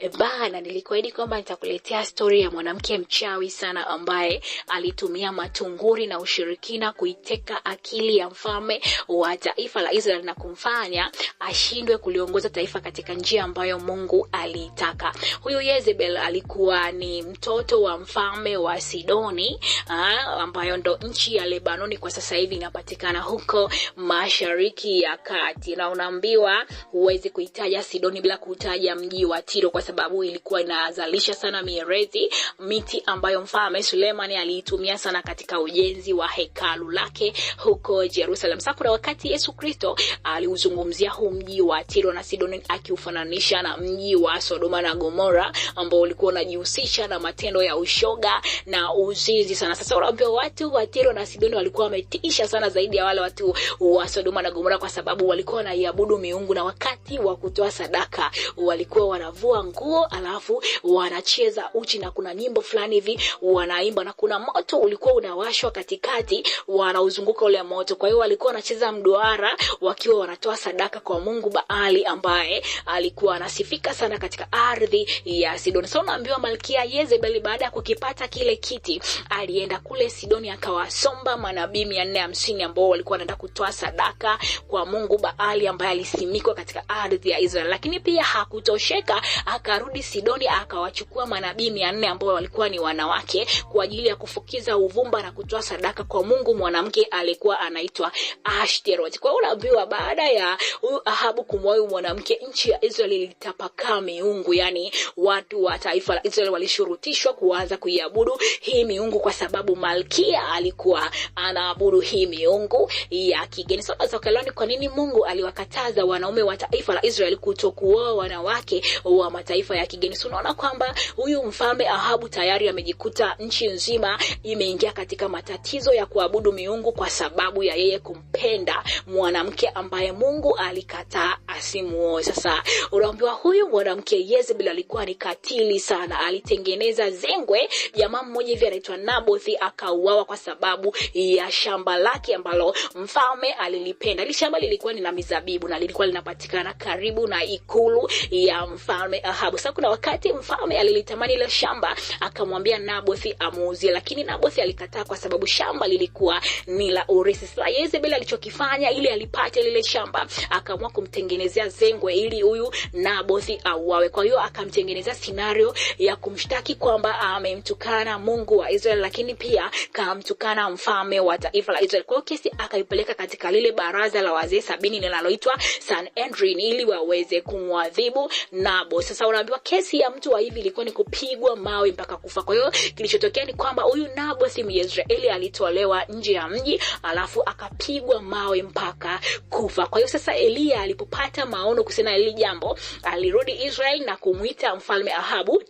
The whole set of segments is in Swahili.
Ebana, eh, nilikuahidi kwamba nitakuletea stori ya mwanamke mchawi sana ambaye alitumia matunguri na ushirikina kuiteka akili ya mfalme wa taifa la Israel na kumfanya ashindwe kuliongoza taifa katika njia ambayo Mungu aliitaka. Huyu Yezebel alikuwa ni mtoto wa mfalme wa Sidoni ah, ambayo ndo nchi ya Lebanoni kwa sasa hivi inapatikana huko Mashariki ya Kati, na unaambiwa huwezi kuitaja Sidoni bila kuutaja mji wa Tiro kwa sababu ilikuwa inazalisha sana mierezi, miti ambayo mfalme Sulemani aliitumia sana katika ujenzi wa hekalu lake huko Jerusalem. Sasa kuna wakati Yesu Kristo aliuzungumzia huu mji wa Tiro na Sidoni akiufananisha na mji wa Sodoma na Gomora ambao ulikuwa unajihusisha na matendo ya ushoga na uzinzi sana. Sasa unaambia watu wa Tiro na Sidoni walikuwa wametisha sana zaidi ya wale watu wa Sodoma na Gomora kwa sababu walikuwa wanaiabudu miungu na wakati wa kutoa sadaka walikuwa wanavua nguo nguo alafu wanacheza uchi na kuna nyimbo fulani hivi wanaimba na kuna moto ulikuwa unawashwa katikati wanauzunguka ule moto kwa hiyo walikuwa wanacheza mduara wakiwa wanatoa sadaka kwa mungu baali ambaye alikuwa anasifika sana katika ardhi ya sidoni sa unaambiwa malkia yezebeli baada ya kukipata kile kiti alienda kule sidoni akawasomba manabii mia nne hamsini ambao walikuwa wanaenda kutoa sadaka kwa mungu baali ambaye alisimikwa katika ardhi ya israel lakini pia hakutosheka aka akarudi Sidoni akawachukua manabii mia nne ambao walikuwa ni wanawake kwa ajili ya kufukiza uvumba na kutoa sadaka kwa Mungu mwanamke alikuwa anaitwa Ashtoreth. Kwa hiyo unaambiwa baada ya huyu Ahabu kumwoa mwanamke, nchi ya Israeli ilitapakaa miungu, yani watu wa taifa la Israeli walishurutishwa kuanza kuiabudu hii miungu kwa sababu malkia alikuwa anaabudu hii miungu ya kigeni. Sasa ukaelewa ni kwa nini Mungu aliwakataza wanaume wa taifa la Israeli kutokuoa wanawake wa mataifa ya kigeni so unaona kwamba huyu mfalme ahabu tayari amejikuta nchi nzima imeingia katika matatizo ya kuabudu miungu kwa sababu ya yeye kumpenda mwanamke ambaye mungu alikataa simuoe. Sasa unaambiwa huyu mwanamke Yezebel alikuwa ni katili sana, alitengeneza zengwe. Jamaa mmoja hivi anaitwa Nabothi akauawa kwa sababu ya shamba lake ambalo mfalme alilipenda. Ile shamba lilikuwa ni la mizabibu na lilikuwa linapatikana karibu na ikulu ya mfalme Ahabu. Sasa kuna wakati mfalme alilitamani ile shamba, akamwambia Nabothi amuuzie, lakini Nabothi alikataa kwa sababu shamba lilikuwa ni la urithi. Sasa Yezebel alichokifanya ili alipate lile shamba, akaamua kumtengeneza kumtengenezea zengwe ili huyu na bosi auawe. Kwa hiyo akamtengenezea scenario ya kumshtaki kwamba amemtukana Mungu wa Israel, lakini pia kamtukana mfalme wa taifa la Israel. Kwa hiyo kesi akaipeleka katika lile baraza la wazee sabini linaloitwa Sanhedrin ili waweze kumwadhibu Nabo. Sasa unaambiwa kesi ya mtu wa hivi ilikuwa ni kupigwa mawe mpaka kufa. Kwa hiyo kilichotokea ni kwamba huyu Nabo si Mwisraeli, alitolewa nje ya mji alafu akapigwa mawe mpaka kufa. Kwa hiyo sasa Eliya alipopata alipata maono kuhusiana na hili jambo, alirudi Israel na kumwita mfalme Ahabu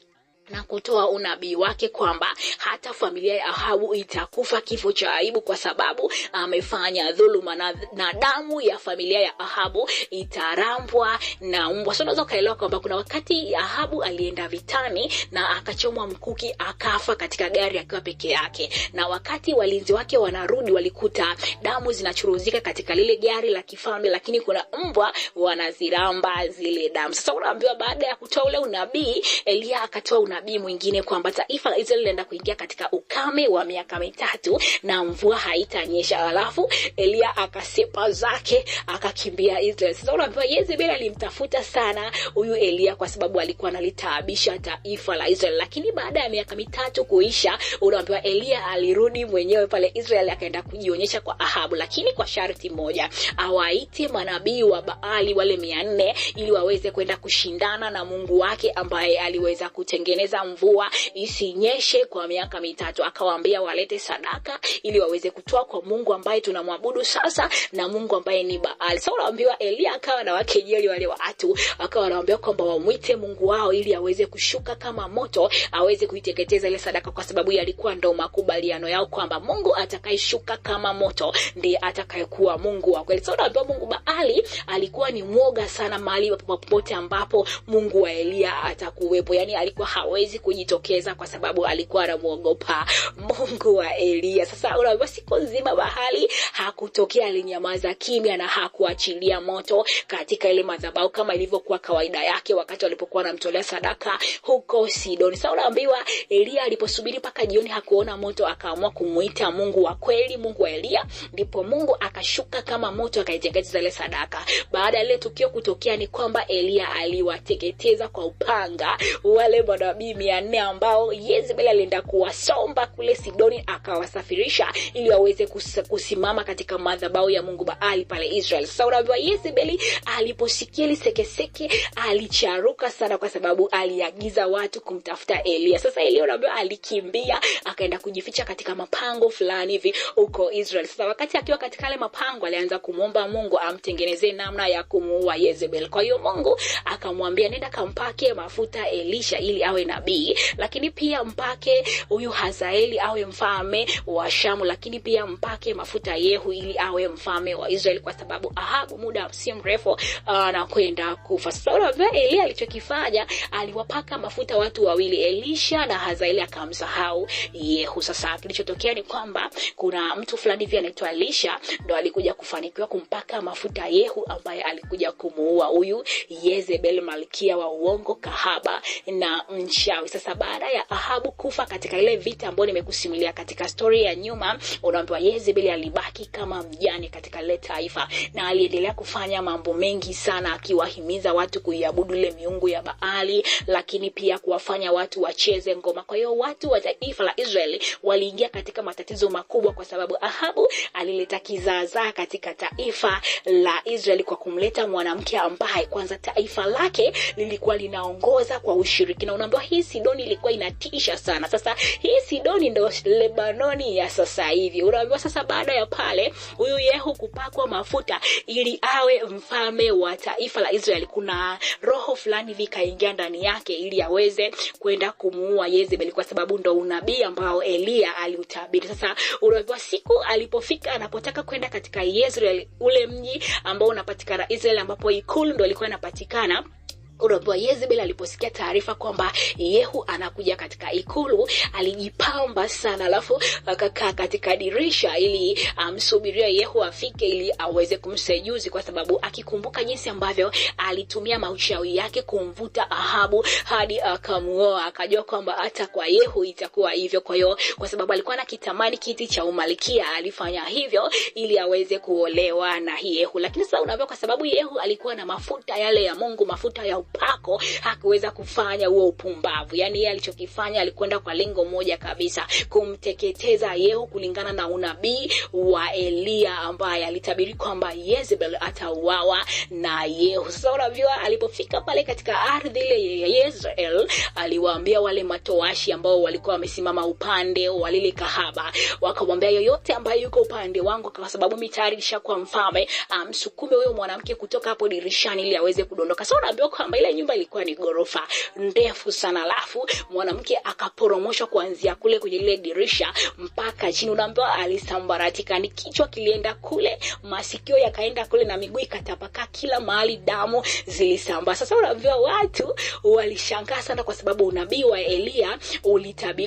na kutoa unabii wake kwamba hata familia ya Ahabu itakufa kifo cha aibu kwa sababu amefanya dhuluma na, na damu ya familia ya Ahabu itarambwa na mbwa. So unaweza ukaelewa kwamba kuna wakati Ahabu alienda vitani na akachomwa mkuki akafa katika gari akiwa peke yake, na wakati walinzi wake wanarudi walikuta damu zinachuruzika katika lile gari la kifalme, lakini kuna mbwa wanaziramba zile damu. Sasa unaambiwa baada ya kutoa ule unabii, Elia akatoa unabii unabii mwingine kwamba taifa la Israeli linaenda kuingia katika ukame wa miaka mitatu na mvua haitanyesha. Alafu Elia akasepa zake akakimbia Israeli. Sasa unaambiwa Yezebeli alimtafuta sana huyu Elia kwa sababu alikuwa analitaabisha taifa la Israeli, lakini baada ya miaka mitatu kuisha, unaambiwa Elia alirudi mwenyewe pale Israeli akaenda kujionyesha kwa Ahabu, lakini kwa sharti moja, awaite manabii wa Baali wale mia nne ili waweze kwenda kushindana na Mungu wake ambaye aliweza kutengeneza kuongeza mvua isinyeshe kwa miaka mitatu. Akawaambia walete sadaka ili waweze kutoa kwa Mungu ambaye tunamwabudu sasa na Mungu ambaye ni Baal. Sasa unaambiwa Elia akawa na wakejeli wale watu, akawa anawaambia kwamba wamwite Mungu wao ili aweze kushuka kama moto aweze kuiteketeza ile sadaka, kwa sababu yalikuwa ndo makubaliano yao kwamba Mungu atakayeshuka kama moto ndiye atakayekuwa Mungu wa kweli. Sasa unaambiwa Mungu Baali alikuwa ni mwoga sana mahali popote ambapo Mungu wa Elia atakuwepo, yani alikuwa hawa hawezi kujitokeza kwa sababu alikuwa anamwogopa Mungu wa Eliya. Sasa unaambiwa siku nzima bahali hakutokea, alinyamaza kimya na hakuachilia moto katika ile madhabahu kama ilivyokuwa kawaida yake wakati walipokuwa anamtolea sadaka huko Sidoni. Sasa unaambiwa Eliya aliposubiri mpaka jioni hakuona moto, akaamua kumuita Mungu wa kweli, Mungu wa Eliya, ndipo Mungu akashuka kama moto akaiteketeza ile sadaka. Baada ya ile tukio kutokea, ni kwamba Eliya aliwateketeza kwa upanga wale mwana nabii mia nne ambao yezebel alienda kuwasomba kule Sidoni akawasafirisha ili waweze kusimama katika madhabahu ya Mungu Baali pale Israel. Sasa unaambiwa Yezebeli aliposikia ile sekeseke alicharuka sana, kwa sababu aliagiza watu kumtafuta Elia. Sasa Elia unaambiwa alikimbia akaenda kujificha katika mapango fulani hivi huko Israel. Sasa wakati akiwa katika yale mapango, alianza kumwomba Mungu amtengenezee namna ya kumuua yezebel Kwa hiyo Mungu akamwambia nenda kampake mafuta Elisha ili awe nabii, lakini pia mpake huyu Hazaeli awe mfalme wa Shamu, lakini pia mpake mafuta Yehu ili awe mfalme wa Israeli, kwa sababu Ahabu muda si mrefu anakwenda ah, kufa. Sasa alichokifanya aliwapaka mafuta watu wawili, Elisha na Hazaeli, akamsahau Yehu. Sasa kilichotokea ni kwamba kuna mtu fulani hivi anaitwa Elisha ndo alikuja kufanikiwa kumpaka mafuta Yehu ambaye alikuja kumuua huyu Yezebel, malkia wa uongo, kahaba na nchi Shawi. Sasa baada ya Ahabu kufa katika ile vita ambayo nimekusimulia katika story ya nyuma, unaambiwa Yezebeli alibaki kama mjane katika ile taifa, na aliendelea kufanya mambo mengi sana, akiwahimiza watu kuiabudu ile miungu ya Baali, lakini pia kuwafanya watu wacheze ngoma. Kwa hiyo watu wa taifa la Israeli waliingia katika matatizo makubwa, kwa sababu Ahabu alileta kizaazaa katika taifa la Israeli kwa kumleta mwanamke ambaye kwanza taifa lake lilikuwa linaongoza kwa ushirikina. Unaambiwa hii Sidoni ilikuwa inatisha sana. Sasa hii Sidoni ndo Lebanoni ya sasa hivi. Unaambiwa sasa, baada ya pale huyu Yehu kupakwa mafuta ili awe mfalme wa taifa la Israeli, kuna roho fulani vikaingia ndani yake ili aweze kwenda kumuua Yezebeli, kwa sababu ndo unabii ambao Eliya aliutabiri. Sasa unaambiwa siku alipofika, anapotaka kwenda katika Yezreeli, ule mji ambao unapatikana Israeli, ambapo ikulu ndo ilikuwa inapatikana unaambiwa Yezebel aliposikia taarifa kwamba Yehu anakuja katika ikulu alijipamba sana, alafu akakaa katika dirisha ili amsubiria um, Yehu afike ili aweze kumsejuzi, kwa sababu akikumbuka jinsi ambavyo alitumia mauchawi yake kumvuta Ahabu hadi akamuoa, akajua kwamba hata kwa Yehu itakuwa hivyo. Kwa hiyo kwa sababu alikuwa na kitamani kiti cha umalikia, alifanya hivyo ili aweze kuolewa na Yehu. Lakini sasa unaambiwa kwa sababu Yehu alikuwa na mafuta yale ya Mungu, mafuta ya upako hakuweza kufanya huo upumbavu. Yani yeye alichokifanya alikwenda kwa lengo moja kabisa, kumteketeza Yehu kulingana na unabii wa Eliya ambaye alitabiri kwamba Yezebel atauawa na Yehu. Sasa unavyoa, alipofika pale katika ardhi ile ya Yezreel, aliwaambia wale matoashi ambao walikuwa wamesimama upande wa lile kahaba, wakamwambia yoyote ambaye yuko upande wangu, kwa sababu mimi tayari nishakuwa mfalme, amsukume um, huyo mwanamke kutoka hapo dirishani ili aweze kudondoka. Sasa unaambiwa kwamba ile nyumba ilikuwa ni gorofa ndefu sana alafu mwanamke akaporomoshwa kuanzia kule kwenye lile dirisha mpaka chini unaambiwa alisambaratika ni kichwa kilienda kule masikio yakaenda kule na miguu ikatapakaa kila mahali damu zilisambaa sasa unaambiwa watu walishangaa sana kwa sababu unabii wa elia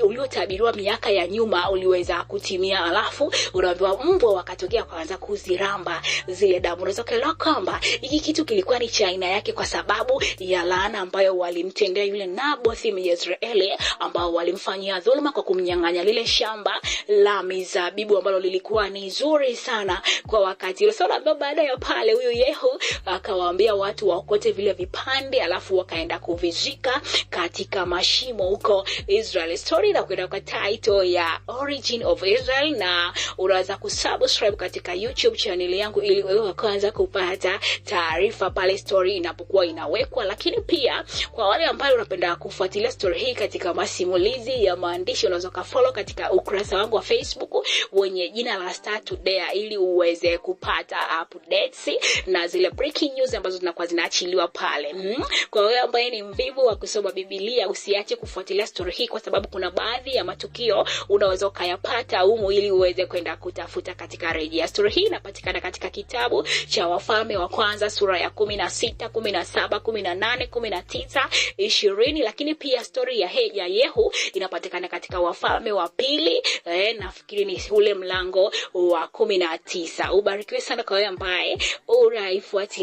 uliotabiriwa miaka ya nyuma uliweza kutimia alafu unaambiwa mbwa wakatokea kwanza kuziramba zile damu unaweza ukaelewa kwamba hiki kitu kilikuwa ni cha aina yake kwa sababu ya laana ambayo walimtendea yule Nabothi Myezreeli, ambao walimfanyia dhuluma kwa kumnyang'anya lile shamba la mizabibu ambalo lilikuwa ni zuri sana kwa wakati ule. Sasa baada ya pale, huyu Yehu akawaambia watu waokote vile vipande, alafu wakaenda kuvizika katika mashimo huko Israel. Story kuenda kwa title ya Origin of Israel, na unaweza kusubscribe katika YouTube channel yangu ili wewe kwanza kupata taarifa pale story inapokuwa inawekwa kubwa, lakini pia kwa wale ambao unapenda kufuatilia story hii katika masimulizi ya maandishi, unaweza kufollow katika ukurasa wangu wa Facebook wenye jina la Star Today ili uweze kupata updates na zile breaking news ambazo zinakuwa zinaachiliwa pale. hmm? Kwa wewe ambaye ni mvivu wa kusoma Biblia, usiache kufuatilia story hii kwa sababu kuna baadhi ya matukio unaweza ukayapata umu ili uweze kwenda kutafuta katika rejia Story hii inapatikana katika kitabu cha Wafalme wa Kwanza sura ya kumi na sita, kumi na saba, kumi na na nane kumi na tisa ishirini lakini pia stori ya, heja Yehu inapatikana katika Wafalme wa Pili eh, nafikiri ni ule mlango wa kumi na tisa. Ubarikiwe sana kwa wewe ambaye uraifuati